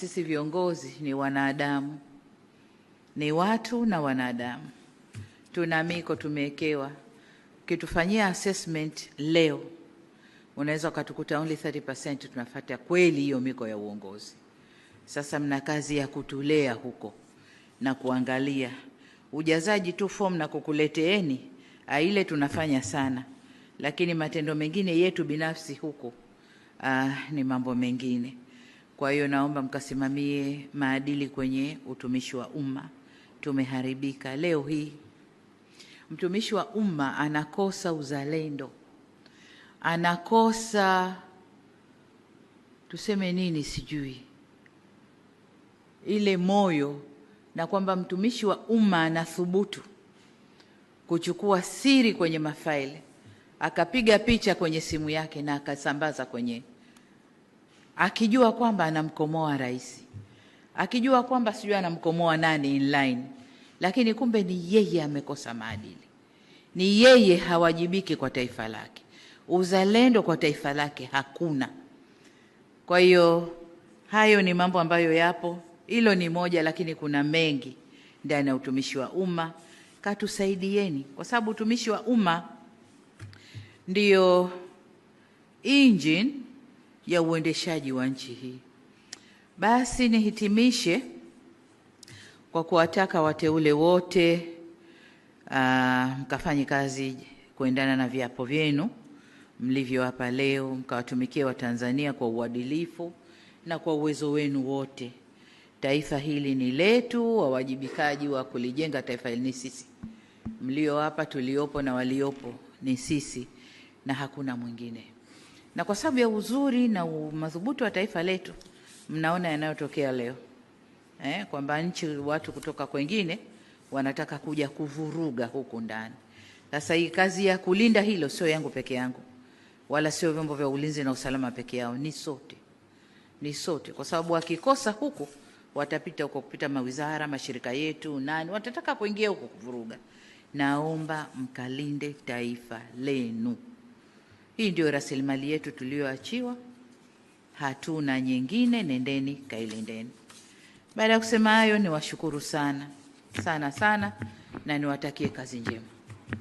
sisi viongozi ni wanadamu, ni watu na wanadamu, tuna miko tumewekewa. Ukitufanyia assessment leo, unaweza ukatukuta only 30% tunafuata kweli hiyo miko ya uongozi. Sasa mna kazi ya kutulea huko na kuangalia ujazaji tu form na kukuleteeni ah, ile tunafanya sana, lakini matendo mengine yetu binafsi huko, aa, ah, ni mambo mengine. Kwa hiyo naomba mkasimamie maadili kwenye utumishi wa umma. Tumeharibika leo hii. Mtumishi wa umma anakosa uzalendo, anakosa tuseme nini, sijui ile moyo, na kwamba mtumishi wa umma anathubutu kuchukua siri kwenye mafaili, akapiga picha kwenye simu yake na akasambaza kwenye akijua kwamba anamkomoa rais, akijua kwamba sijui anamkomoa nani inline, lakini kumbe ni yeye amekosa maadili, ni yeye hawajibiki kwa taifa lake, uzalendo kwa taifa lake hakuna. Kwa hiyo hayo ni mambo ambayo yapo, hilo ni moja, lakini kuna mengi ndani ya utumishi wa umma. Katusaidieni, kwa sababu utumishi wa umma ndio engine ya uendeshaji wa nchi hii. Basi nihitimishe kwa kuwataka wateule wote ah, mkafanye kazi kuendana na viapo vyenu mlivyo hapa leo, mkawatumikie Watanzania kwa uadilifu na kwa uwezo wenu wote. Taifa hili ni letu, wawajibikaji wa kulijenga taifa hili ni sisi, mlio hapa, tuliopo na waliopo, ni sisi na hakuna mwingine na kwa sababu ya uzuri na madhubuti wa taifa letu, mnaona yanayotokea leo eh, kwamba nchi watu kutoka kwengine wanataka kuja kuvuruga huku ndani. Sasa hii kazi ya kulinda hilo sio yangu peke yangu, wala sio vyombo vya ulinzi na usalama peke yao, ni sote, ni sote, kwa sababu wakikosa huku watapita huko, kupita mawizara, mashirika yetu, nani watataka kuingia huko kuvuruga. Naomba mkalinde taifa lenu. Hii ndio rasilimali yetu tuliyoachiwa, hatuna nyingine. Nendeni kailindeni. Baada ya kusema hayo, niwashukuru sana sana sana na niwatakie kazi njema.